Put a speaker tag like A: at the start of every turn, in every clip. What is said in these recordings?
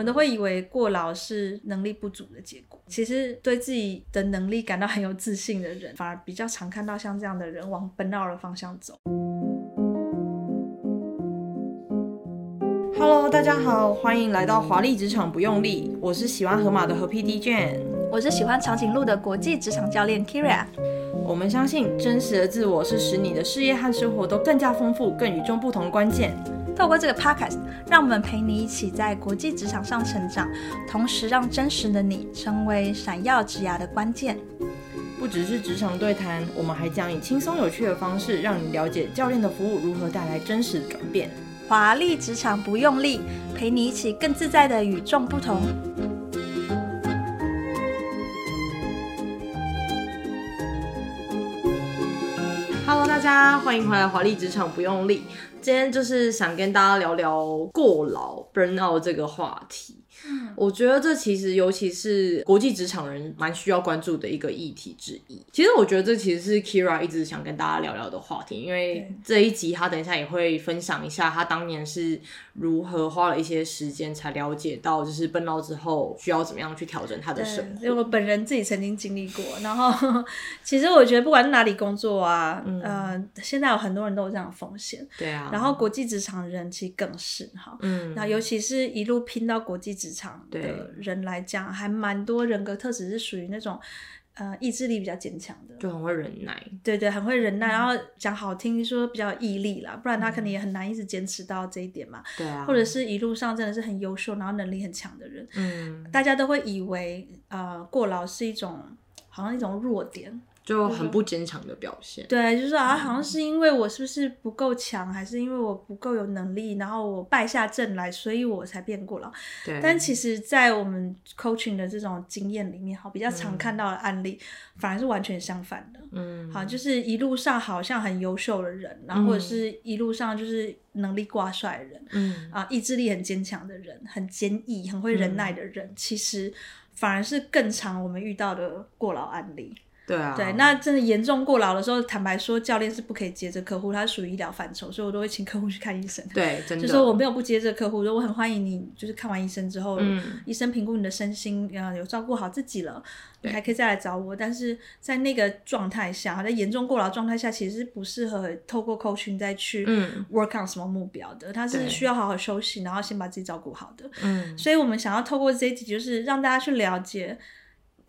A: 我們都會以為過勞是能力不足的結果，其實對自己的能力感到很有自信的人，反而比較常看到像這樣的人往 Burnout 的方向走。
B: Hello，大家好，歡迎來到華麗職場不用力，我是喜歡河馬的河 PD Jane，我是喜歡長頸鹿的國際職場教
A: 練 Kyria。我們相信真實的自我是使你的事業和生活都更加豐富、更與眾不同的關鍵。透過這個 Podcast，讓我們陪你一起在國際職場上
B: 成長，
A: 同時讓真實的你成為閃耀職涯的關鍵。
B: 不只是職場對談，我們還將以輕鬆有趣的方式，讓你了解教練的服務如何帶來真實的轉變。華麗職場不用力，陪你一起更自在地與眾不同。歡迎回來，華麗職場不用力。今天就是想跟大家聊聊過勞 burnout 這個話題。我覺得這其實，尤其是國際職場人蠻需要關注的一個議題之一。其實我覺得這其實是 Kyria 一直想跟大家聊聊的話題，因為這一集他等一下也會分享一下他當年是如何花了一些時間才了解到，就是奔到之後需要怎麼樣去調整他的生活。因
A: 為我本人自己曾經經歷過。然後其實我覺得不管是哪裡工作啊，嗯、呃，現在有很多人都有這樣的風險。對啊。然後國際職場人其實更是哈。嗯。那尤其是一路拼到國際職場。場的人來講，還蠻多人格特質是屬於那種，呃，意志力比較堅強的，
B: 就很會忍耐。
A: 對對，很會忍耐，嗯、然後講好聽說比較有毅力啦，不然他肯定也很難一直堅持到這一點嘛。對啊、嗯，或者是一路上真的是很優秀，然後能力很強的人，嗯，大家都會以為呃，過勞是一種好像一種弱點。
B: 就很不堅強的表現，對，
A: 就是啊，好像是因為我是不是不夠強，嗯、還是因為我不夠有能力，然後我敗下陣來，所以我才變過勞。
B: 對，但其
A: 實，在我們 coaching 的這種經驗裡面，好，比較常看到的案例，嗯、反而是完全相反的。嗯，好，就是一路上好像很優秀的人，然後或者是一路上就是能力掛帥的人，嗯啊，意志力很堅強的人，很堅毅、很會忍耐的人，嗯、其實反而是更常我們遇到的過勞案例。對啊，對，那真的嚴重過勞的時候，坦白說，教練是不可以接這客戶，他是屬於醫療範疇，所以我都會請客戶去看醫生。對，真的。就說我沒有不接這客戶，說我很歡迎你，就是看完醫生之後，嗯、醫生評估你的身心，嗯、呃，有照顧好自己了，你還可以再來找我。對但是在那個狀態下，在嚴重過勞狀態下，其實是不適合透過 coaching 再去 work on 什麼目標的，嗯、他是需要好好休息，然後先把自己照顧好的。嗯，所以我們想要透過這一集，就是讓大家去了解。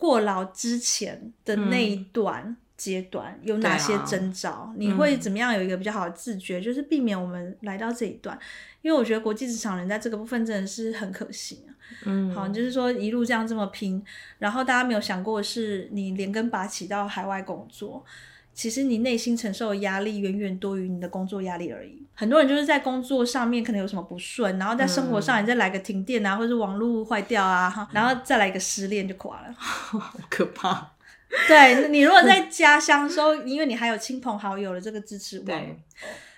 A: 過勞之前的那一段階段有哪些徵兆？嗯啊、你會怎麼樣有一個比較好的自覺，嗯、就是避免我們來到這一段？因為我覺得國際職場人在這個部分真的是很可惜，啊，嗯，好，就是說一路這樣這麼拼，然後大家沒有想過是你連根拔起到海外工作。其實你內心承受的壓力遠遠多於你的工作壓力而已。很多人就是在工作上面可能有什麼不順，然後在生活上你再來個停電啊，嗯、或者是網絡壞掉啊，然後再來一個失戀就垮了，好可怕。對，你如果在家鄉的時候， 因為你還有親朋好友的這個支持網。對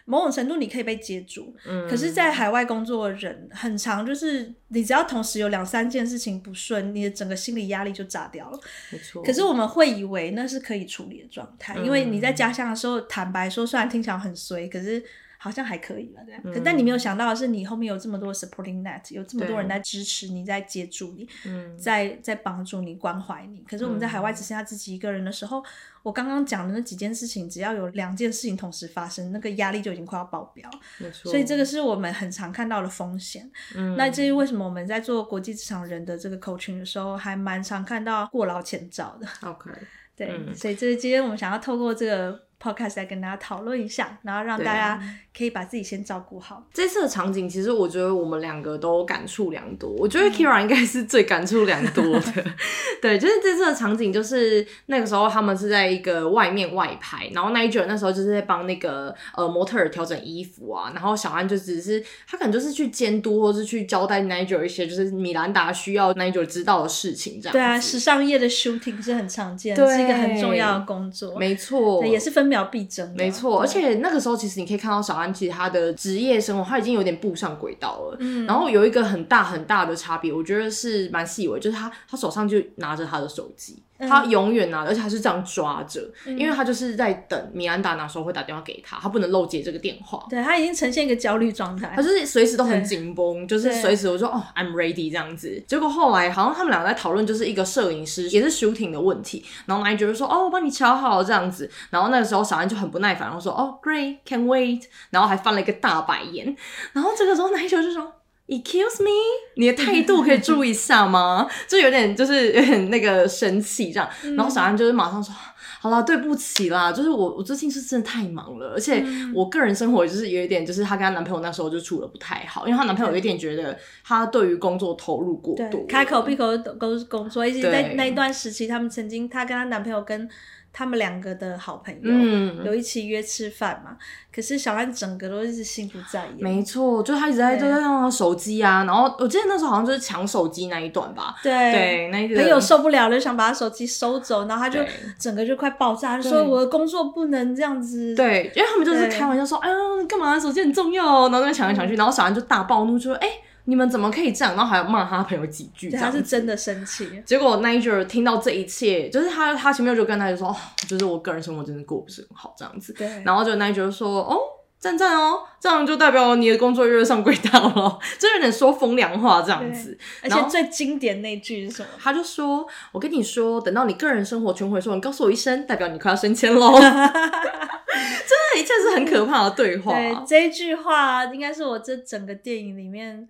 A: 某種程度你可以被接住，嗯、可是，在海外工作的人，很常就是你只要同時有兩三件事情不順，你的整個心理壓力就炸掉了。沒
B: 錯，可是我
A: 們會以為那是可以處理的狀態，嗯、因為你在家鄉的時候，坦白說，雖然聽起來很衰，可是好像還可以了，對。可、嗯、但你沒有想到的是，你後面有這麼多 supporting net，有這麼多人在支持你、對在接觸你、嗯，在在幫助你、關懷你。可是我們在海外只剩下自己一個人的時候，嗯、我剛剛講的那幾件事情，只要有兩件事情同時發生，那個壓力就已經快要爆表。沒錯說。所以這個是我們很常看到的風險。嗯。那至於為什麼我們在做國際職場人的這個 coaching 的時候，還蠻常看到過勞前兆的。OK。 對。嗯、所以這今天我們想要透過這個。好，開始來跟大家討論一下，然後讓大家可以把
B: 自己先照顧好。這次的場景其實我覺得我們兩個都感觸良多，嗯、我覺得 Kyria 應該是最感觸良多的。 對，就是這次的場景，就是那個時候他們是在一個外面外拍，然後 Nigel 那時候就是在幫那個呃模特兒調整衣服啊，然後小安就只是他可能就是去監督或是去交代 Nigel 一些就是米蘭達需要 Nigel 知道的事情這樣。對
A: 啊，時尚業的 shooting 是很常見，對是一個很重要的工作，沒
B: 錯，對，也是分別。要逼真，啊、沒錯錯。對而且那個時候，其實你可以看到小安，其實他的職業生活他已經有點步上軌道了。嗯、然後有一個很大很大的差別，我覺得是蠻細微，就是他他手上就拿着他的手機。他永遠啊，而且還是這樣抓着，嗯、因為他就是在等米安達那時候會打電話給他，他不能漏接這個電話。對，他
A: 已經呈現一個焦慮狀態，他是
B: 隨時都很緊繃，對就是隨時我說對哦，I'm ready 這樣子。結果後來好像他們兩個在討論，就是一個攝影師也是 shooting 的問題，然後 Nigel 就說哦，我幫你喬好這樣子。然後那個時候小安就很不耐煩，然後說哦，Great，can't wait，然後還翻了一個大白眼。然後這個時候 Nigel 就說。Excuse me，你的態度可以注意一下嗎？ 就有點就是有點那個神奇這樣，嗯、然後小安就是馬上說，好啦，對不起啦，就是我我最近是真的太忙了，而且我個人生活就是有一點就是她跟她男朋友那時候就處得不太好，因為她男朋友有一點覺得她對於工作投入過度，開
A: 口閉口都
B: 是工作，而且在那一段
A: 時期，他們曾經她跟她男朋友跟。他們兩個的好朋友嗯，有一起約吃飯嘛？可是小安整個都一直
B: 心不在焉。沒錯，就他一直在都對在用手機啊。然後我記得那時候好像就是搶手機那一段吧。對對，對
A: 那個、朋友受不了了，想把他手機收走，然後他就整個就快
B: 爆炸，對說我的
A: 工作不能這樣子。對，因為他們就是開玩
B: 笑說：“呀對，幹、哎、嘛、啊？手機很重要。”然後那邊搶來搶去，然後小安就大暴怒，就說：“哎、欸！”你們怎麼可以這樣？然後還要罵他朋友幾句，這樣他是真的生氣。結果 Nigel 聽到這一切，就是他他前面就跟他就說、哦，就是我個人生活真的過不是很好這樣子。對。然後就 Nigel 說，哦，讚讚哦，這樣就代表你的工作又上軌道了，真有點說風涼話這樣子。而且後最經典那句是什麼？他就說，我跟你說，等到你個人生活全回收，你告訴我一聲，代表你快要升遷嘍。 真的，一切是很可怕的對話。嗯、對，這一句
A: 話應該是我這整個電影裡面。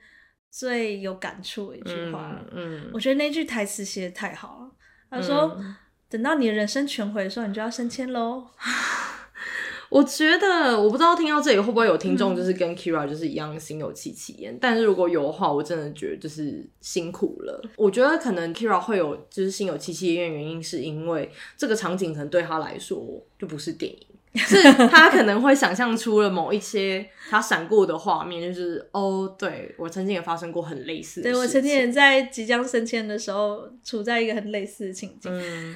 A: 最有感觸的一句話，嗯嗯、我覺得那句台詞寫的太好了。他說：“嗯、等到你的人生全毀的時候，你就要升遷嘍。”
B: 我覺得，我不知道聽到這裡會不會有聽眾就是跟 Kyria 就是一樣心有戚戚焉。嗯、但是如果有的話，我真的覺得就是辛苦了。我覺得可能 Kyria 會有就是心有戚戚焉的原因，是因為這個場景可能對他來說就不是電影。 是他可能會想象出了某一些他閃過的畫面，就是哦，對，我曾經也發生過很類似的事情。對，我曾經也
A: 在即將升遷的時候，處在一個很類似的情境。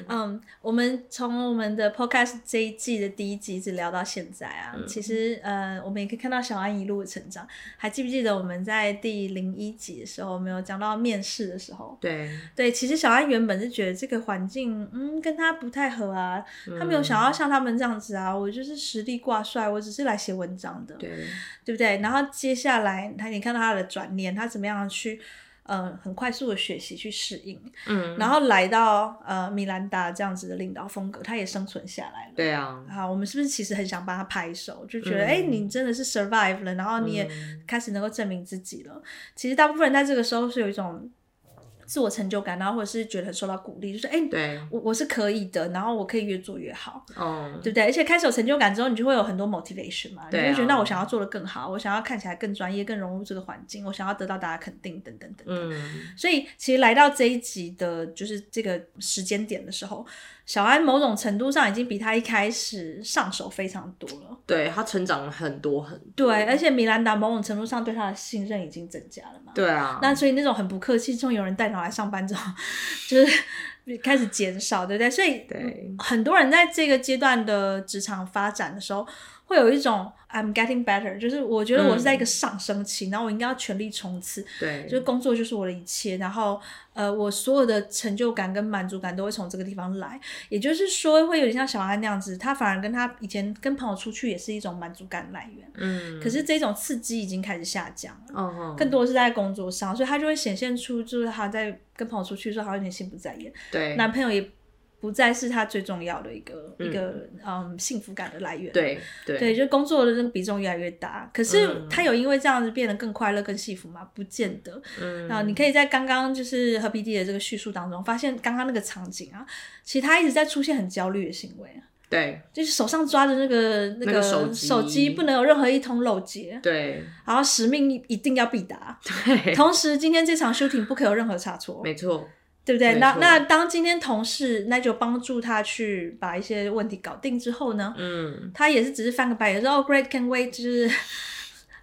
A: 嗯、um, 我們從我們的 podcast 這一季的第一集一直聊到現在啊，嗯、其實呃、嗯，我們也可以看到小安一路的成長。還記不記得我們在第零一集的時候，沒有講到面試的時候。對對，其實小安原本是覺得這個環境嗯跟他不太合啊，
B: 他沒有想要
A: 像他們這樣子啊，嗯、我。我就是實力掛帥，我只是來寫文章的，對，對不對？然後接下來他，你看到他的轉念，他怎麼樣去，嗯、呃、很快速的學習去適應，嗯，然後來到呃米蘭達這樣子的領導風格，他也生存下來了。對啊，好，我們是不是其實很想幫他拍手？就覺得，哎、嗯欸，你真的是 survive 了，然後你也開始能夠證明自己了。嗯、其實大部分人在這個時候是有一種。自我成就感，然後或者是覺得受到鼓勵，就是哎，欸、對我我是可以的，然後我可以越做越好，哦、對不對？而且開始有成就感之後，你就會有很多 motivation 嘛，哦、你就會覺得那我想要做得更好，我想要看起來更專業、更融入這個環境，我想要得到大家肯定，等等
B: 等等。
A: 嗯、所以，其實來到這一集的，就是這個時間點的時候。小安某種程度上已經比他一開始上手非常多了，
B: 對，他成長了很多很
A: 多。對，而且米蘭達某種程度上對他的信任已經增加了嘛。對啊，那所以那種很不客氣，從有人帶你來上班之後，就是開始減少，對不對？所以對很多人在這個階段的職場發展的時候，會有一種 I'm getting better，就是我覺得我是在一個上升期，嗯、然後我應該要全力衝刺。對，就是工作就是我的一切，然後呃，我所有的成就感跟滿足感都會從這個地方來。也就是說，會有點像小安那樣子，他反而跟他以前跟朋友出去也是一種滿足感來源。嗯，可是這種刺激已經開始下降了。哦哦，更多是在工作上，所以他就會顯現出，就是他在跟朋友出去的時候，好像有點心不在焉。對，男朋友也。不再是他最重要的一個、嗯、一個嗯幸福感的來源，對對，對，就是工作的這個比重越來越大。可是他有因為這樣子變得更快樂、嗯、更幸福嗎？不見得。嗯，啊，你可以在剛剛就是河 PD 的這個敘述當中，發現剛剛那個場景啊，其實他一直在出現很焦慮的行
B: 為。對，
A: 就是手上抓着那個、那個、那個手機，手機不能有任何一通漏接，
B: 對，
A: 然後使命一定要必達，對，同時今天這場 shooting 不可有任何差
B: 錯， 沒錯。對不對？沒錯。那那
A: 當今天同事那就幫助他去把一些問題搞定之後呢，嗯，他也是只是翻個白眼，說哦、oh,，great, can't wait，就是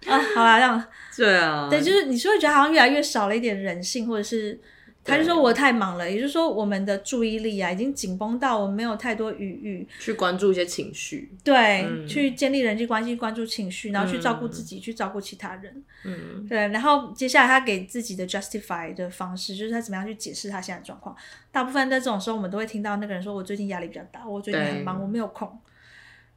A: 啊，好啊，這樣，
B: 對啊，對，就是
A: 你是會覺得好像越來越少了一點人性，或者是。他就說：“我太忙了，也就是說，我們的注意力啊，已經緊繃到我沒有太多餘裕
B: 去關注一些情緒，對，嗯、去
A: 建立人際關係，關注情緒，然後去照顧自己，嗯、去照顧其他人，嗯，對。然後接下來，他給自己的 justify 的方式，就是他怎麼樣去解釋他現在狀況。大部分在這種時候，我們都會聽到那個人說：‘我最近壓力比較大，我最近很忙，對我沒有空。’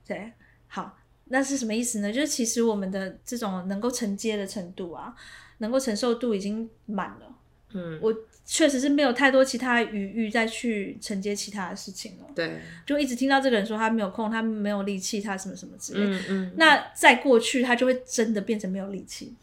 A: 對，好，那是什麼意思呢？就是其實我們的這種能夠承接的程度啊，能夠承受度已經滿了。嗯，我。”確實是沒有太多其他餘裕再去承接其他的事情了。對，就一直聽到這個人說他沒有空，他沒有力氣，他什麼什麼之類的。嗯，嗯嗯，那再過去，他就會真的變成沒有力氣。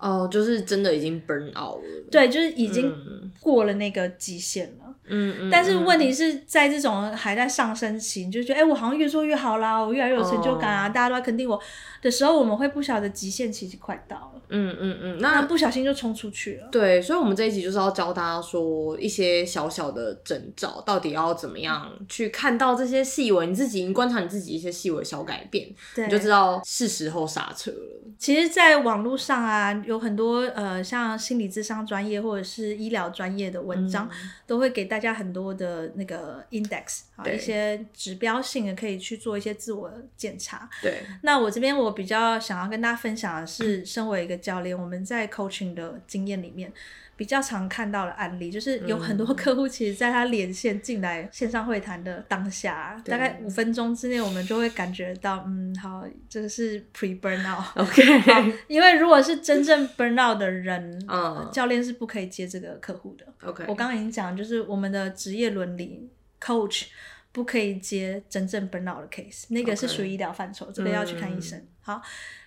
B: 哦，就是真的已經 burn out 了。對，就是已經
A: 過了那個極限了。
B: 嗯嗯。但是問題是
A: 在這種還在上升期，嗯、你就覺得哎、欸，我好像越做越好啦，我越來越有成就感啊，哦、大家都在肯定我的時候，我們會不曉得極
B: 限期快到了。嗯嗯嗯。嗯嗯那，
A: 那不小心就衝出去了。
B: 對，所以，我們這一集就是要教大家說一些小小的徵兆，到底要怎麼樣去看到這些細微，你自己已經觀察你自己一些細微小改變，對你就知道是時候剎車了。其
A: 實，在網絡上啊。有很多呃，像心理諮商專業或者是醫療專業的文章，嗯、都會給大家很多的那個 index 啊對，一些指標性的可以去做一些自我檢查。對，那我這邊我比較想要跟大家分享的是，身為一個教練，嗯、我們在 coaching 的經驗裡面。比較常看到的案例，就是有很多客戶其實在他連線進來線上會談的當下，嗯、大概五分鐘之內，我們就會感覺到，嗯，好，這個是 pre burnout，OK，Okay. 因為如果是真正 burnout 的人，uh. 教練是不可以接這個客戶的，Okay. 我剛剛已經講，就是我們的職業倫理，coach 不可以接真正 burnout 的 case，那個是屬於醫療範疇，Okay. 這個要去看醫生，嗯、好。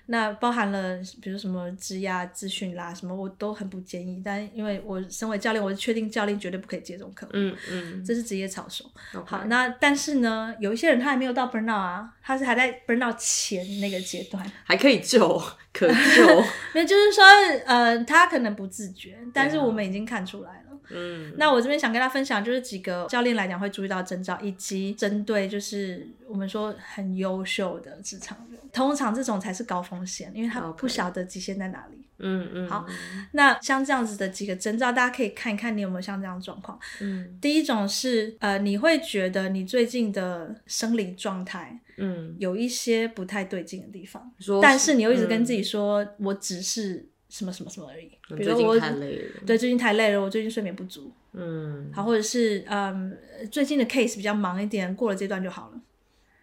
A: 那包含了，比如什麼質押、資訊啦，什麼我都很不建議。但因為我身為教練，我確定教練絕對不可以接這種客戶、嗯。嗯嗯，這是職業操守。Okay. 好，那但是呢，有一些人他還沒有到 burnout 啊，他是還在 burnout 前那個階段，
B: 還可以救，可以
A: 救。那 就是說，呃，他可能不自覺，但是我們已經看出來了。嗯，那我這邊想跟大家分享，就是幾個教練來講會注意到徵兆，以及針對就是我們說很優秀的職場人，通常這種才是高風險，因為他不曉得極限在哪裡。嗯、okay. 嗯。嗯好，那像這樣子的幾個徵兆，大家可以看一看你有沒有像這樣的狀況。嗯，第一種是呃，你會覺得你最近的生理狀態嗯有一些不太對勁的地方，是但是你又一直跟自己說、嗯、我只是。什麼什麼什麼而已，比如說我很累，對，最近太累了，我最近睡眠不足，嗯，好，或者是嗯，最近的 case 比較忙一點，過了這段就好了，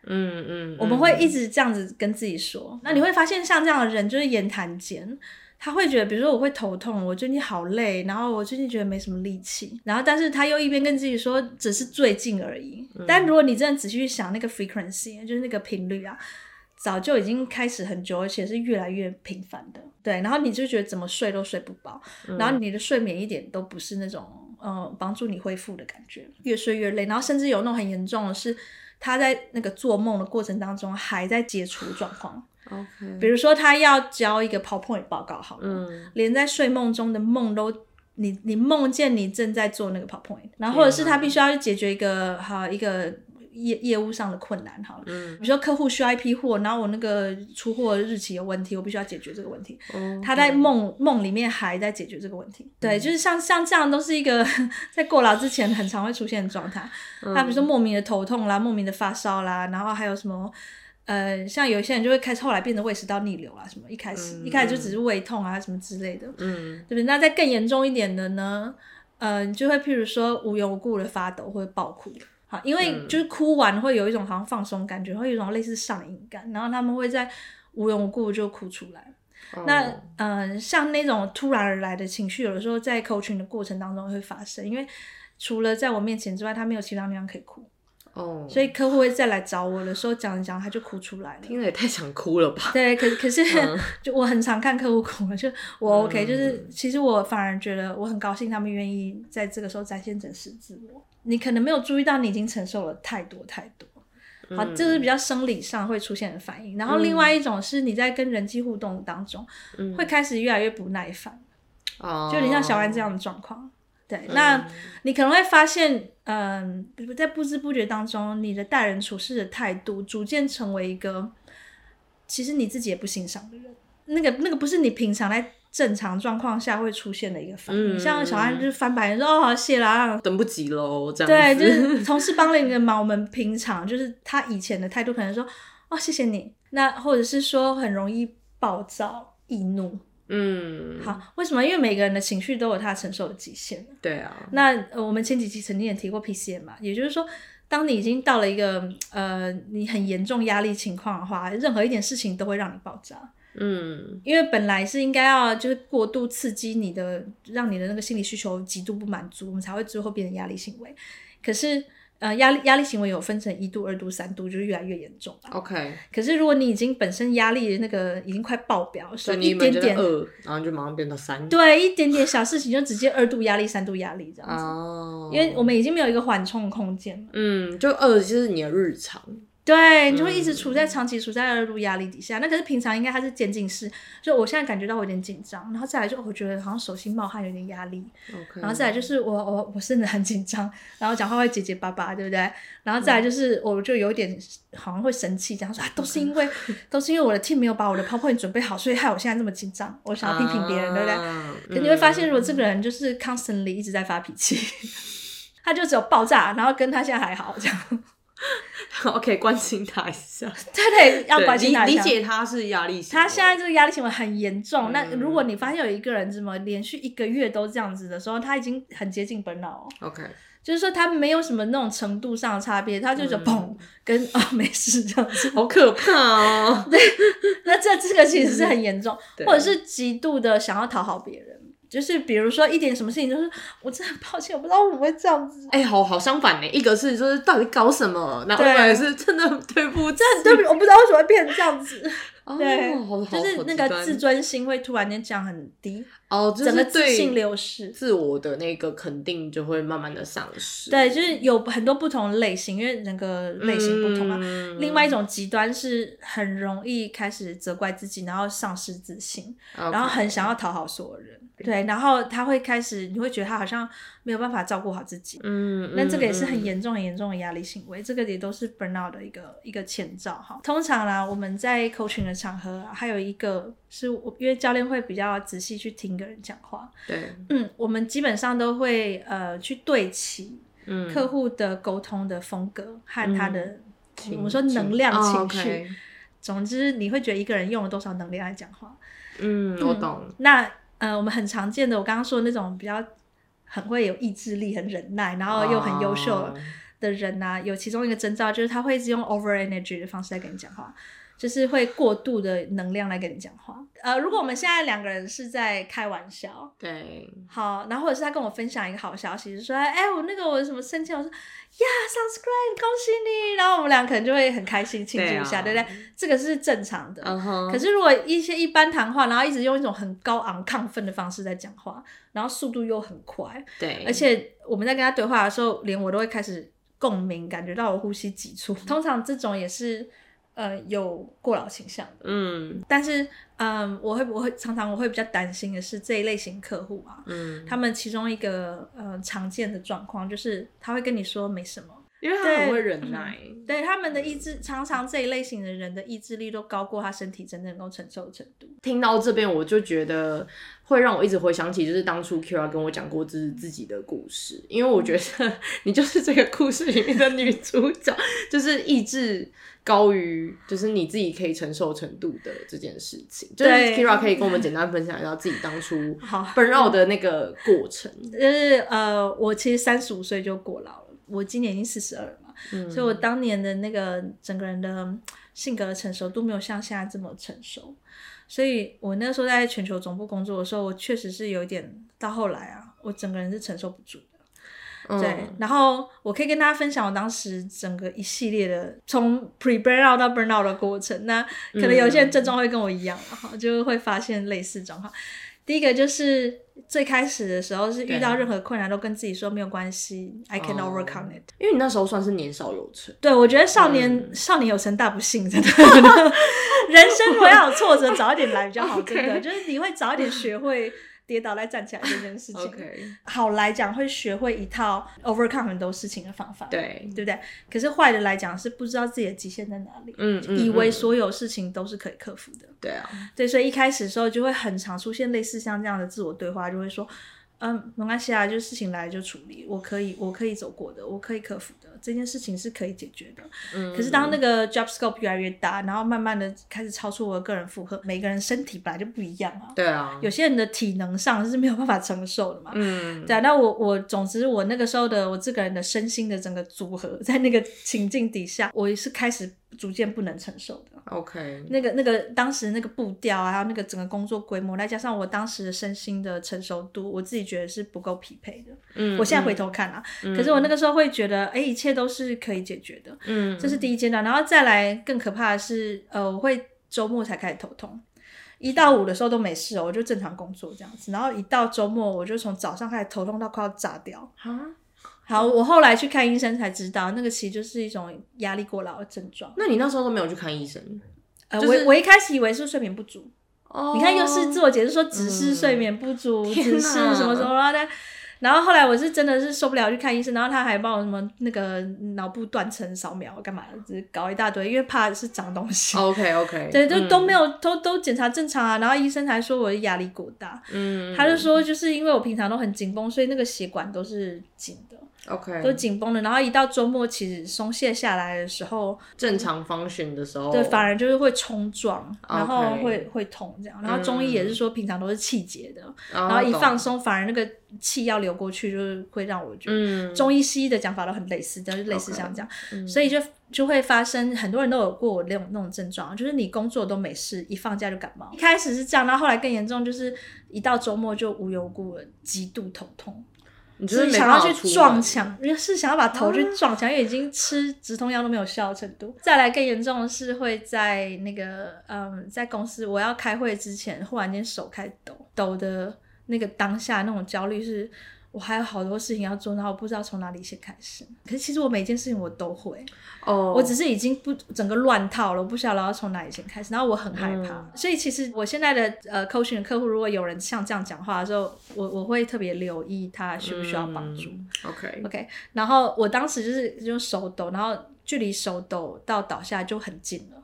A: 嗯嗯，
B: 嗯，我們會一直
A: 這樣子跟自己說。嗯、那你會發現，像這樣的人，就是言談間、嗯、他會覺得，比如說我會頭痛，我最近好累，然後我最近覺得沒什麼力氣，然後但是他又一邊跟自己說只是最近而已。嗯、但如果你真的仔細去想，那個 frequency 就是那個頻率啊。早就已經開始很久，而且是越來越頻繁的，對。然後你就覺得怎麼睡都睡不飽，嗯、然後你的睡眠一點都不是那種嗯、呃、幫助你恢復的感覺，越睡越累。然後甚至有那種很嚴重的是，他在那個做夢的過程當中還在解除狀況。 Okay. 比如說他要交一個 PowerPoint 報告，好了，嗯、連在睡夢中的夢都，你你夢見你正在做那個 PowerPoint，然後或者是他必須要去解決一個哈、嗯、一個。業業務上的困難，好了，嗯、比如說客戶需要一批貨，然後我那個出貨日期有問題，我必須要解決這個問題。哦、他在夢夢、嗯、裡面還在解決這個問題。嗯、對，就是像像這樣都是一個在過勞之前很常會出現的狀態。他、嗯、比如說莫名的頭痛啦，莫名的發燒啦，然後還有什麼呃，像有些人就會開始後來變得胃食道逆流啊什麼，一開始、嗯、一開始就只是胃痛啊什麼之類的。嗯，對不對？那再更嚴重一點的呢？嗯、呃，就會譬如說無緣無故的發抖或者爆哭。好，因為就是哭完會有一種好像放鬆感覺，嗯、會有一種類似上癮感，然後他們會在無緣無故就哭出來。哦、那嗯、呃，像那種突然而來的情緒，有的時候在 coaching 的過程當中會發生，因為除了在我面前之外，他沒有其他地方可以哭。
B: 哦，所以
A: 客戶會再來找我的時候講一講，他就哭出來了。聽
B: 了也太想哭了吧？對，可是可是、嗯、
A: 就我很常看客戶哭了，就我 OK，、嗯、就是其實我反而覺得我很高興，他們願意在這個時候展現真實自我。你可能沒有注意到，你已經承受了太多太多。嗯、好，這是比較生理上會出現的反應。然後另外一種是你在跟人際互動當中，會開始越來越不耐煩，嗯、
B: 就你像小安
A: 這樣的狀況。哦、對，那你可能會發現，嗯、呃，在不知不覺當中，你的待人處事的態度逐漸成為一個，其實你自己也不欣賞的人。那個那個不是你平常來。正常狀況下會出現的一個反應，嗯、像小安就是翻白眼說：“嗯、哦，
B: 謝啦，等不及嘍。”這樣子。對，就
A: 是同事幫了你的忙，我們平常就是他以前的態度可能說：“哦，謝謝你。”那或者是說很容易暴躁易怒。嗯，好，為什麼？因為每個人的情緒都有他承受的極限。對啊。那我們前幾期曾經也提過 PCM 嘛，也就是說，當你已經到了一個呃，你很嚴重壓力情況的話，任何一點事情都會讓你爆炸。嗯，因為本來是應該要就是過度刺激你的，讓你的那個心理需求極度不滿足，我們才會最後變成壓力行為。可是，呃，壓力壓力行為有分成一度、二度、三度，就是越來越嚴重。OK。可是如果你已經本身壓力那個已經快爆表，所以一點點，二，
B: 然後就馬上變成三度。對，
A: 一點點小事情就直接二度壓力、三度壓力這
B: 樣子。哦。Oh.
A: 因為我們已經沒有一個緩衝空間。嗯，
B: 就二就是你的日常。
A: 對，你就會一直處在、嗯、長期處在二度壓力底下。那可是平常應該他是漸進式，就我現在感覺到我有點緊張，然後再來就我覺得好像手心冒汗，有點壓力。Okay. 然後再來就是我我我甚至很緊張，然後講話會結結巴巴，對不對？然後再來就是我就有一點好像會生氣，講說、啊、都是因為 Okay. 都是因為我的 team 沒有把我的 PowerPoint 準備好，所以害我現在那麼緊張。我想要批評別人，uh, 對不對
B: ？Uh, 可你會發現，
A: 如果這個人就是 constantly 一直在發脾氣， 他就只有爆炸，然後跟他現在還好這樣。
B: OK，關心他一下，對 對，對要關心他一下理，理解他
A: 是壓力行為，他現在這個壓力行為很嚴重。嗯、那如果你發現有一個人這麼連續一個月都這樣子的時候，他已經很接近本腦、哦。OK，就是說他沒有什麼那種程度上的差別，他就覺得砰”，嗯、跟“啊、哦，沒事”這樣子， 好可怕哦。 對，那這這個其實是很嚴重， 對或者是極度的想要討好別人。就是比如說一點什麼事情，就是我真的很抱歉，
B: 我不知道為什麼會這樣子。哎、欸，好好相反呢，一個是就是到底搞什麼，對然後還是真的對不起，是對，我不知道為什麼會變成這樣子。 對，哦、就是那個自尊
A: 心會突然間降很低。
B: 哦，整、就、個、是、自信流失，自我的那個肯定就會慢慢的喪失。對，就
A: 是有很多不同類型，因為人格類型不同嘛、啊。嗯、另外一種極端是很容易開始責怪自己，然後喪失自信，Okay. 然後很想要討好所有人。對，然後他會開始，你會覺得他好像沒有辦法照顧好自己。嗯，那這個也是很嚴重、很嚴重的壓力行為，嗯、這個也都是 burnout 的一個一個前兆哈。通常呢、啊，我們在 coaching 的場合、啊，還有一個是我因為教練會比較仔細去聽一個人講話，對，嗯，我們基本上都會呃去對齊客戶的溝通的風格和他的，嗯、
B: 我們說能量情緒，oh, okay.
A: 總之你會覺得一個人用了多少能量來講話，嗯，
B: 我懂。
A: 嗯、那呃，我們很常見的，我剛剛說的那種比較很會有意志力、很忍耐，然後又很優秀的人吶、啊，oh. 有其中一個徵兆就是他會一直用 over energy 的方式在跟你講話。就是會過度的能量來跟你講話。呃，如果我們現在兩個人是在開玩笑，對，好，然後或者是他跟我分享一個好消息，就是、說，哎、欸，我那個我什麼升職，我說，呀、yeah,，sounds great，恭喜你。然後我們倆可能就會很開心，慶祝一下，對不、啊、對？這個是正常的。Uh huh、可是如果一些一般談話，然後一直用一種很高昂、亢奮的方式在講話，然後速度又很快，
B: 對，而且
A: 我們在跟他對話的時候，連我都會開始共鳴，感覺到我呼吸急促。嗯、通常這種也是。呃，有過勞傾向的，嗯，但是，嗯，我會，我會常常，我會比較擔心的是這一類型客戶啊。嗯，他們其中一個，呃，常見的狀況就是他會跟你說沒什麼，因
B: 為他，對他很會忍耐，嗯、
A: 對他們的意志，嗯、常常這一類型的人的意志力都高過他身體真正能夠承受的程度。
B: 聽到這邊，我就覺得會讓我一直回想起，就是當初 Kyria 跟我講過自自己的故事，嗯、因為我覺得你就是這個故事裡面的女主角， 就是意志。高於就是你自己可以承受程度，的這件事情，對就是 Kyria 可以跟我們簡單分享一下自己當初 burnout 的那個過程。嗯、
A: 就是呃，我其實三十五歲就過勞了，我今年已經四十二了嘛，嗯、所以我當年的那個整個人的性格的成熟度沒有像現在這麼成熟，所以我那時候在全球總部工作的時候，我確實是有一點到後來啊，我整個人是承受不住。對，嗯、然後我可以跟大家分享我當時整個一系列的從 pre burnout 到 burnout 的過程。那可能有些人症狀會跟我一樣，哈、嗯，就會發現類似狀況。第一個就是最開始的時候是遇到任何困難都跟自己說沒有關係、嗯、，I can overcome it。
B: 因為你那時候算是年少有成，對，我覺得少年、嗯、
A: 少年有成大不幸，真的。 人生不要有挫折， 早一點來比較好，真的，就是你會早一點學會。跌倒再站起來這件事情，Okay. 好來講會學會一套 overcome 很多事情的方法，對，對不對？可是壞的來講是不知道自己的極限在哪裡，嗯，嗯嗯以為所有事情都是可以克服的，對啊，對，所以一開始的時候就會很常出現類似像這樣的自我對話，就會說，嗯，沒關係啊，就事情來了就處理，我可以，我可以走過的，我可以克服的。這件事情是可以解決的，嗯，可是當那個 job scope 越來越大，然後慢慢的開始超出我的個人負荷，每個人身體本來就不一樣啊，
B: 對啊，有
A: 些人的體能上是沒有辦法承受的嘛，
B: 嗯，對
A: 啊，那我我總之我那個時候的我這個人的身心的整個組合，在那個情境底下，我也是開始。逐漸不能承受的。
B: OK，那
A: 個、那個，當時那個步調啊，還有那個整個工作規模，再加上我當時的身心的成熟度，我自己覺得是不夠匹配的。嗯，我現在回頭看啊，嗯、可是我那個時候會覺得，哎、嗯，一切都是可以解決的。嗯，這是第一階段，然後再來更可怕的是，呃，我會周末才開始頭痛，一到五的時候都沒事哦，我就正常工作這樣子，然後一到周末我就從早上開始頭痛到快要炸掉。哈好，我後來去看醫生才知道，那個其實就是一種壓力過勞的症狀。
B: 那你那時候都沒有去看醫生？呃，就是、我我一
A: 開始以為是睡眠不足。哦。你看又是自我解釋說只是睡眠不足，嗯、只是什麼什麼的。哪。然後後來我是真的是受不了去看醫生，然後他還幫我什麼那個腦部斷層掃描幹嘛，是搞一大堆，因為怕是長東
B: 西。哦、OK OK。對，都都沒
A: 有，嗯、都都檢查正常啊。然後醫生才說我的壓力過大。嗯。他就說就是因為我平常都很緊繃，所以那個血管都是
B: 緊的。Okay. 都緊
A: 繃的，然後一到週末其實鬆懈下來的時候，正常
B: function 的時候，對，反而
A: 就是會衝撞，然後會 Okay. 會痛這樣。然後中醫也是說，平常都是氣結的，嗯、然後一放鬆，oh, 反而那個氣要流過去，就是會讓我覺得，嗯、中醫西醫的講法都很類似，都、就是、類似像這樣、okay. 嗯、所以就就會發生很多人都有過那種那種症狀，就是你工作都沒事，一放假就感冒。一開始是這樣，然後，後來更嚴重，就是一到週末就無緣無故了，極度頭痛。
B: 你只是，是想要去撞
A: 牆，是想要把頭去撞牆，因為已經吃止痛藥都沒有效的程度。 再來更嚴重的是會在那個嗯，在公司我要開會之前，忽然間手開抖，抖的那個當下那種焦慮是。我還有好多事情要做，然後我不知道從哪裡先開始。可是其實我每件事情我都會，哦，oh. 我只是已經不整個亂套了，我不曉得要從哪裡先開始，然後我很害怕。Oh. 所以其實我現在的呃 coaching 的客戶，如果有人像這樣講話的時候，我我會特別留意他需不需要幫助。Um, OK OK，然後我當時就是用手抖，然後距離手抖到倒下就很近了。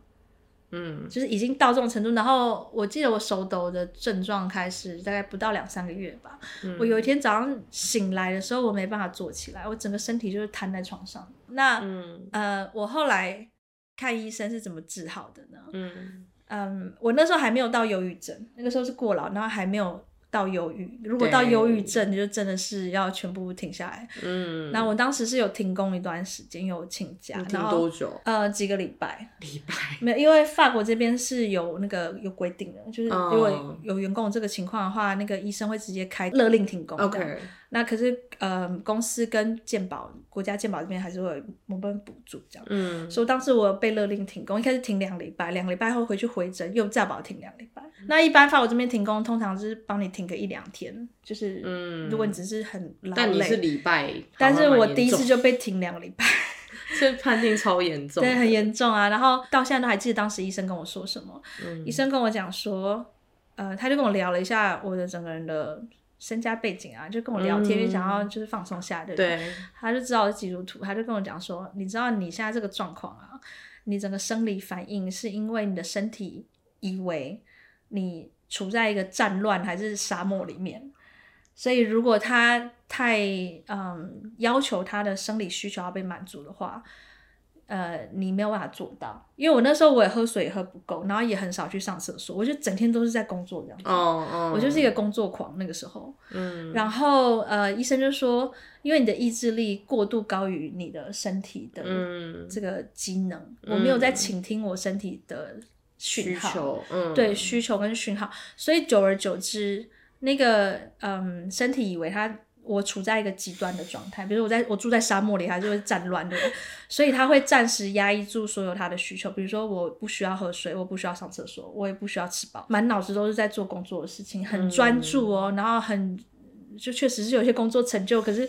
A: 嗯，就是已經到這種程度，然後我記得我手抖的症狀開始大概不到兩三個月吧。嗯、我有一天早上醒來的時候，我沒辦法坐起來，我整個身體就是癱在床上。那、嗯、呃，我後來看醫生是怎麼治好的呢？嗯，嗯，我那時候還沒有到憂鬱症，那個時候是過勞，然後還沒有。到憂鬱，如果到憂鬱症，對你就真的是要全部停下來。嗯，那我當時是有停工一段時間，有請假，停多久？呃，幾個禮拜。禮拜。沒有，因為法國這邊是有那個有規定的，就是如果有員工這個情況的話，哦、那個醫生會直接開勒令停工。OK。那可是，呃，公司跟健保、國家健保這邊還是會某部分補助這樣。嗯，所以當時我被勒令停工，一開始停兩禮拜，兩禮拜後回去回診，又再保停兩禮拜。嗯、那一般法國這邊停工，通常是幫你停個一兩天，就是，嗯，如果你只是很，累，但你是禮
B: 拜，但是我第一次就
A: 被停兩個禮拜，
B: 這 判定超嚴重，對，很嚴重
A: 啊。然後到現在都還記得當時醫生跟我說什麼，嗯、醫生跟我講說，呃，他就跟我聊了一下我的整個人的。身家背景啊，就跟我聊天，嗯、想要就是放鬆下，對，他就知道我是基督徒，他就跟我講說：“你知道你現在這個狀況啊，你整個生理反應是因為你的身體以為你處在一個戰亂還是沙漠裡面，所以如果他太嗯要求他的生理需求要被滿足的話。”呃，你沒有辦法做到，因為我那時候我也喝水也喝不夠，然後也很少去上廁所，我就整天都是在工作這樣子
B: 哦，oh, oh. 我就是一個
A: 工作狂那個時候。嗯，然後呃，醫生就說，因為你的意志力過度高於你的身體的這個機能，嗯、我沒有在傾聽我身體的訊號，需求嗯、對需求跟訊號，所以久而久之，那個嗯、呃，身體以為它我處在一個極端的狀態，比如說我在我住在沙漠裡，它就會戰亂的。 所以他會暫時壓抑住所有他的需求，比如說我不需要喝水，我不需要上廁所，我也不需要吃飽，滿腦子都是在做工作的事情，很專注哦，嗯、然後很就確實是有些工作成就，可是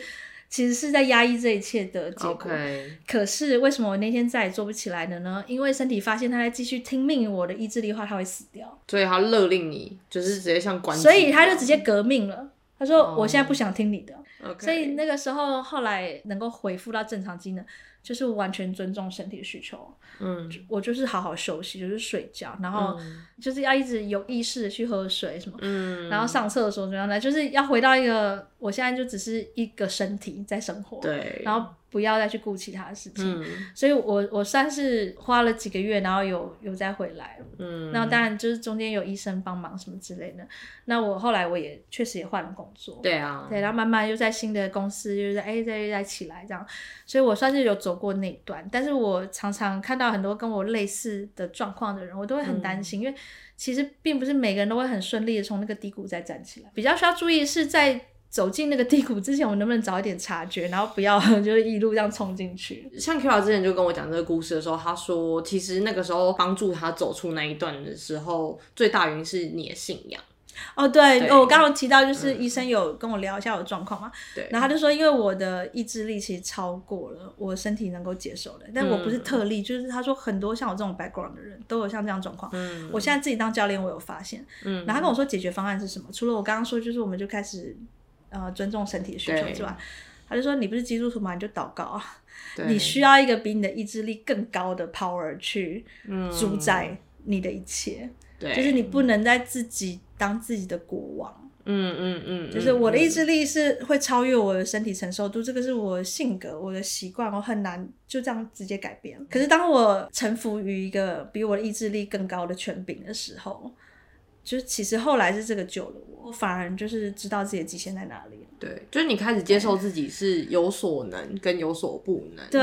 A: 其實是在壓抑這一切的結果。Okay. 可是為什麼我那天再也做不起來了呢？因為身體發現他在繼續聽命我的意志力的話，他會死掉，
B: 所以他勒令你就是直接像關，所以他就直接革
A: 命了。他說：“我現在不想聽你的，oh, okay. 所以那個時候後來能夠恢復到正常機能，就是完全尊重身體的需求。嗯，我就是好好休息，就是睡覺，然後就是要一直有意識的去喝水什麼，嗯、然後上廁所怎麼樣的，來就是要回到一個我現在就只是一個身體在生活。對，然後。”不要再去顧其他的事情，嗯、所以我，我我算是花了幾個月，然後有有再回來，嗯，那當然就是中間有醫生幫忙什麼之類的。那我後來我也確實也換了工作，對啊、嗯，對，然後慢慢又在新的公司，又在哎、欸、再再起來這樣，所以我算是有走過那一段。但是我常常看到很多跟我類似的狀況的人，我都會很擔心，嗯、因為其實並不是每個人都會很順利的從那個低谷再站起來。比較需要注意的是在。走進那個低谷之前，我們能不能早一點察覺，然後不要就是一路這樣衝進去？
B: 像 Kyria 之前就跟我講這個故事的時候，他說其實那個時候幫助他走出那一段的時候，最大原因是你的信仰。哦，對，對哦，我剛剛提到就是醫生有跟我聊一下我的狀況嘛，對、嗯，然後他就說因為我的
A: 意志力其實超過了我身體能夠接受的，但我不是特例，嗯、就是他說很多像我這種 background 的人都有像這樣狀況。嗯、我現在自己當教練，我有發現，嗯，
B: 然後他跟我說
A: 解決方案是什麼？嗯、除了我剛剛說，就是我們就開始。呃，尊重身體的需求是吧？對他就說你不是基督徒嗎？你就禱告啊！對你需要一個比你的意志力更高的 power 去主宰你的一切。對、嗯，就是你不能在自己當自己的國王。嗯嗯
B: 嗯，嗯嗯嗯，就是我的意
A: 志力是會超越我的身體承受度，嗯、這個是我的性格、我的習慣，我很難就這樣直接改變。可是當我臣服於一個比我的意志力更高的權柄的時候。就是其實後來是這
B: 個救了我，我反而就是知道自己的極限在哪裡。對，就是你開始接受自己是有所能跟有所不能。
A: 對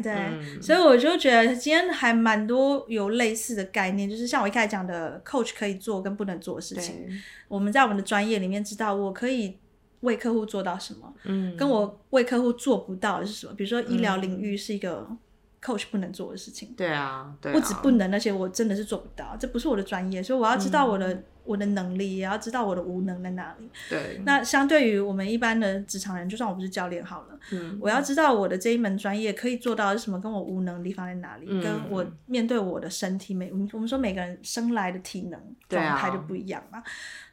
A: 對，對，嗯，所以我就覺得今天還蠻多有類似的概念，就是像我一開始講的，coach 可以做跟不能做的事情。對我們在我們的專業裡面知道我可以為客戶做到什麼，嗯，跟我為客戶做不到的是什麼？比如說醫療領域是一個。coach 不能做的事情。對啊，對啊，不止不能那些，我真的是做不到，這不是我的專業，所以我要知道我的，嗯我的能力也要知道我的無能在哪裡。對，那相對於我們一般的職場人，就算我不是教練好了，嗯，我要知道我的這一門專業可以做到什麼，跟我無能力放在哪裡，嗯，跟我面對我的身體每，我們說每個人生來的體能狀態就不一樣嘛。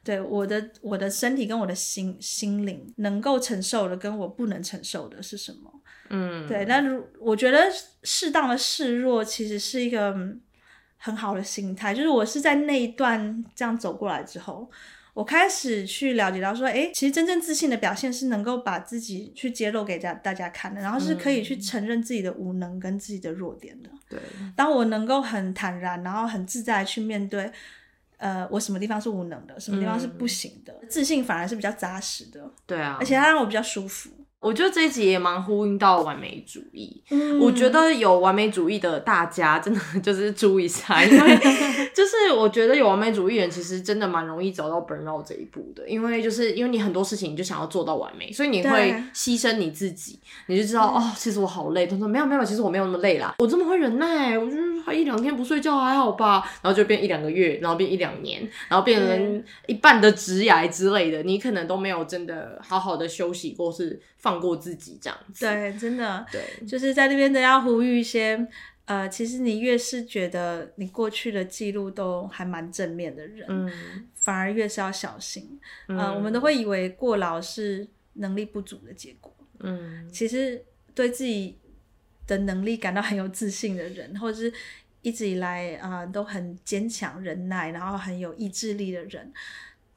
A: 對啊，對，我的我的身體跟我的心心靈能夠承受的跟我不能承受的是什麼？嗯，對，那如我覺得適當的示弱其實是一個。很好的心態，就是我是在那一段這樣走過來之後，我開始去了解到說，誒、欸，其實真正自信的表現是能夠把自己去揭露給家大家看的，然後是可以去承認自己的無能跟自己的弱點的。對、嗯，當我能夠很坦然，然後很自在去面對，呃，我什麼地方是無能的，什麼地方是不行的，嗯、自信反而是比較扎實的。
B: 對啊，而且它讓我比較舒服。我覺得這一集也蠻呼應到完美主義。嗯、我覺得有完美主義的大家真的就是注意一下，因為 就是我覺得有完美主義人其實真的蠻容易走到 burnout 這一步的，因為就是因為你很多事情你就想要做到完美，所以你會犧牲你自己，你就知道對哦，其實我好累。他說沒有沒有，其實我沒有那麼累啦，我這麼會忍耐，我就是還一兩天不睡覺還好吧，然後就變一兩個月，然後變一兩年，然後變成一半的職涯之類的，你可能都沒有真的好好的休息過，是放。放過自己
A: 這樣子，對，真的，對，就是在那邊都要呼籲一些，呃，其實你越是覺得你過去的記錄都還蠻正面的人，嗯、反而越是要小心。呃、嗯，我們都會以為過勞是能力不足的結果，嗯，其實對自己的能力感到很有自信的人，或者是一直以來啊、呃、都很堅強、忍耐，然後很有意志力的人。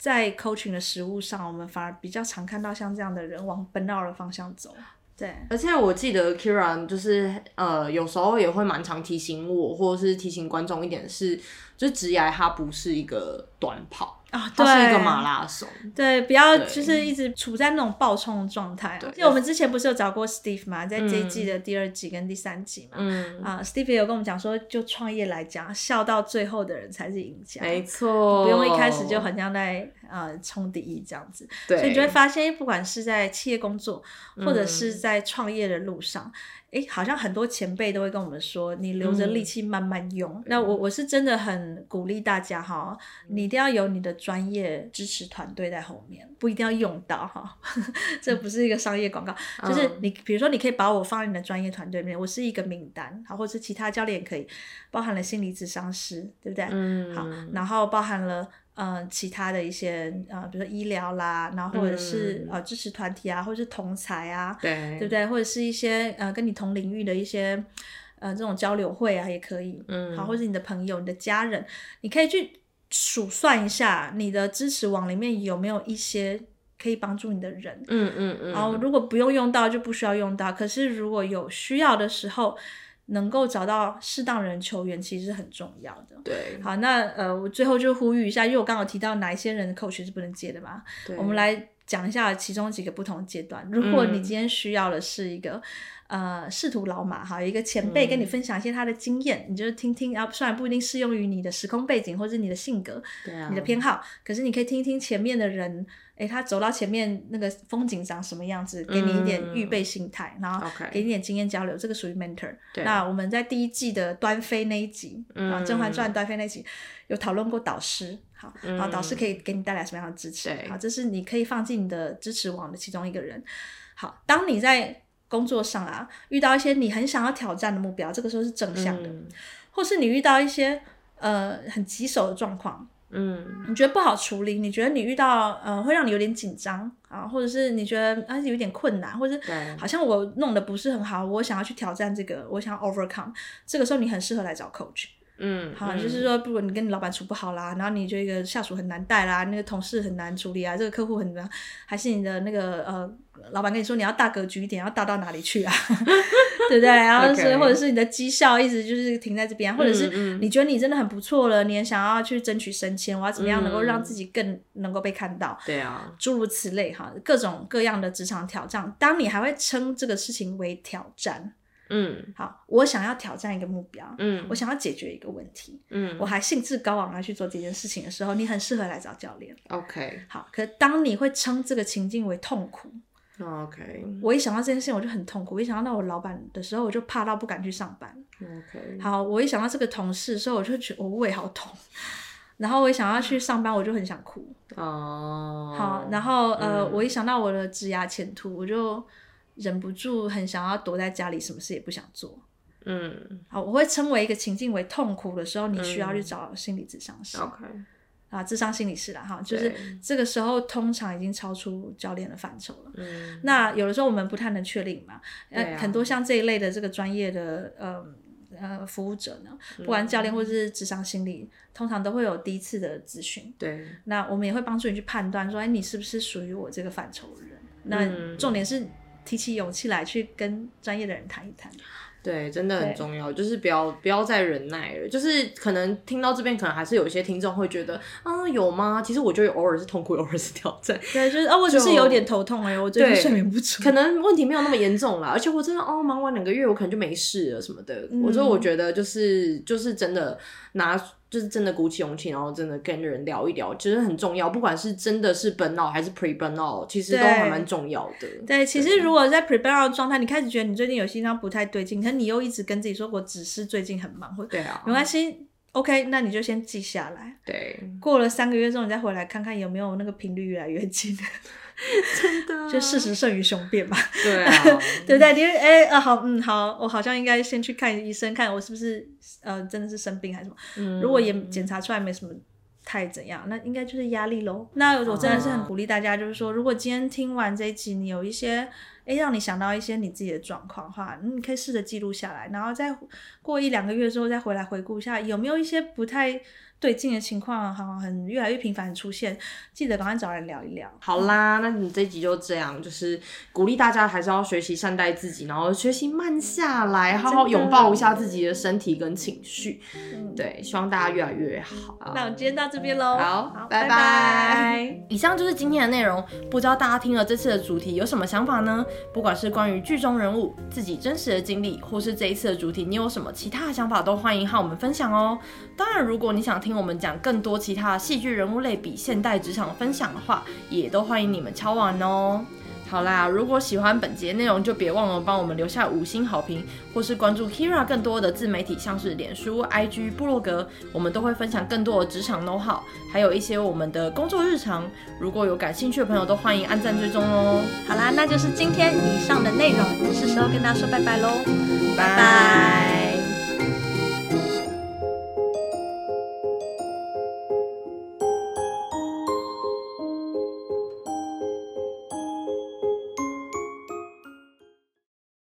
A: 在 coaching 的實務上，我們反而比較常看到像這樣的人往 burnout 的方向走。
B: 對，而且我記得 Kyria 就是呃，有時候也會蠻常提醒我，或者是提醒觀眾一點是，就職涯它不是一個短跑。啊，好像一個馬拉松，
A: 對，不要就是一直處在那種暴衝的狀態、啊。就對我們之前不是有找過 Steve 嘛，在這一季的第二集跟第三集嘛，嗯啊、uh,，Steve 也有跟我們講說，就創業來講，笑到最後的人才是贏家，沒
B: 錯錯，不用一開始就
A: 很像在呃衝第一這樣子，對所以你就會發現，不管是在企業工作或者是在創業的路上。嗯哎，好像很多前輩都會跟我們說，你留着力氣慢慢用。嗯、那我我是真的很鼓勵大家哈，嗯、你一定要有你的專業支持團隊在後面，不一定要用到哈。這不是一個商業廣告，嗯、就是你比如說，你可以把我放在你的專業團隊裡面，我是一個名單，好，或者其他教練可以，包含了心理諮商師，對不對？嗯。
B: 好，然後
A: 包含了。呃，其他的一些啊、呃，比如說醫療啦，然後或者是、嗯、呃支持團體啊，或者是同儕啊，對，對不對？或者是一些呃跟你同領域的一些呃這種交流會啊，也可以。嗯，好，或者是你的朋友、你的家人，你可以去數算一下你的支持網裡面有沒有一些可以幫助你的人。嗯嗯嗯。嗯嗯然後如果不用用到就不需要用到，可是如果有需要的時候。能夠找到適當的人求援其實是很重要的。對，好，那呃，我最後就呼籲一下，因為我剛好提到哪一些人的 coach 是不能接的嘛，對我們來講一下其中幾個不同階段。如果你今天需要的是一個。嗯呃，仕途老馬哈，有一個前輩跟你分享一些他的經驗，嗯、你就是聽聽。啊，雖然不一定適用於你的時空背景或者你的性格、嗯、你的偏好，可是你可以聽一聽前面的人，哎、欸，他走到前面那個風景長什麼樣子，給你一點預備心態，嗯、然後給你一點經驗交流。這個屬於 mentor 對。那我們在第一季的端妃那一集
B: 啊，《甄嬛傳》
A: 端妃那一集、嗯、有討論過導師，好，
B: 然後導師可以
A: 給你帶來什麼樣的支持？嗯、對好，這是你可以放進你的支持網的其中一個人。好，當你在。工作上啊，遇到一些你很想要挑戰的目標，這個時候是正向的；嗯、或是你遇到一些呃很棘手的狀況，嗯，你覺得不好處理，你覺得你遇到呃會讓你有點緊張啊，或者是你覺得啊有點困難，或者是對好像我弄得不是很好，我想要去挑戰這個，我想要 overcome，這個時候你很適合來找 coach。
B: 嗯，好，就是說，
A: 如果你跟你老闆處不好啦，嗯、然後你就一個下屬很難帶啦，那個同事很難處理啊，這個客戶很難，還是你的那個呃，老闆跟你說你要大格局一點，要大到哪裡去啊， 對不對？然後所以或者是你的績效一直就是停在這邊，嗯、或者是你覺得你真的很不錯了，你也想要去爭取升遷，我要怎麼樣能夠讓自己更能夠被看到？對啊、嗯，諸如此類哈，各種各樣的職場挑戰，當你還會稱這個事情為挑戰？嗯，好，我想要挑戰一個目標，嗯，我想要解決一個問題，嗯，我還興致高昂來去做這件事情的時候，你很適合來找教練，OK。好，可當你會稱這個情境為痛苦
B: ，OK。我
A: 一想到這件事情我就很痛苦，我一想到我老闆的時候我就怕到不敢去上班，OK。好，我一想到這個同事的時候我就覺得我胃好痛， 然後我一想到去上班我就很想哭，哦，oh, 好，然後、嗯、呃，我一想到我的職涯前途，我就。忍不住很想要躲在家裡，什麼事也不想做。
B: 嗯，
A: 好，我會稱為一個情境為痛苦的時候，你需要去找心理諮商師。嗯、OK，啊，諮商心理師啦哈，對就是這個時候通常已經超出教練的範疇了。嗯，那有的時候我們不太能確定嘛、啊呃。很多像這一類的這個專業的呃呃服務者呢，不管教練或是諮商心理，嗯、通常都會有第一次的諮詢。對，那我們也會幫助你去判斷說，哎、欸，你是不是屬於我這個範疇的人？那重點是。嗯提起勇氣來去跟專業的人談一談，
B: 對，真的很重要，對就是不要不要再忍耐了。就是可能聽到這邊，可能還是有一些聽眾會覺得，啊，有嗎？其實我就偶爾是痛苦，偶爾是挑戰，對，就是啊就、哦，我只是有點
A: 頭痛哎、欸，我覺得睡眠不足，可
B: 能問題沒有那麼嚴重啦。而且我真的哦，忙完兩個月，我可能就沒事了什麼的。我說、嗯、我覺得就是就是真的拿。就是真的鼓起勇氣，然後真的跟人聊一聊，其實很重要。不管是真的是 burnout 還是 pre burnout，其實都還蠻重要的對。對，其實如
A: 果在 pre burnout 狀態，嗯、你開始覺得你最近有心臟不太對勁，可是你又一直跟自己說，我只是最近很忙，對啊，沒關係。OK，那你就先記下來。對，過了三個月之後，你再回來看看有沒有那個頻率越來越近。真的、啊，就事實勝於雄辯嘛？對啊， 對不對？因為哎，啊、呃、好，嗯好，我好像應該先去看醫生，看我是不是呃真的是生病還是什麼。嗯、如果也檢查出來沒什麼太怎樣，那應該就是壓力嘍。那我真的是很鼓勵大家，哦、就是說，如果今天聽完這一集，你有一些哎讓你想到一些你自己的狀況的話，嗯，你可以試着記錄下來，然後再過一兩個月之後再回來回顧一下，有沒有一些不太。對，最近的情況好像很越來越頻繁的出現，記得趕快找人聊一聊。
B: 好啦，那你這集就這樣，就是鼓勵大家還是要學習善待自己，然後學習慢下來，的好好擁抱一下自己的身體跟情緒。嗯，對，希望大家越來越好。那我
A: 們今天到這邊嘍。好，拜拜。
B: 以上就是今天的內容，不知道大家聽了這次的主題有什麼想法呢？不管是關於劇中人物、自己真實的經歷，或是這一次的主題，你有什麼其他的想法都歡迎和我們分享哦。當然，如果你想。聽我們講更多其他戲劇人物類比現代職場分享的話，也都歡迎你們敲碗哦。好啦，如果喜歡本節內容，就別忘了幫我們留下五星好評，或是關注 Kyria 更多的自媒體，像是臉書、IG、部落格，我們都會分享更多的職場 know how，還有一些我們的工作日常。如果有感興趣的朋友，都歡迎按贊追蹤哦。好啦，那就是今天以上的內容，是時候跟大家說拜拜嘍，拜拜。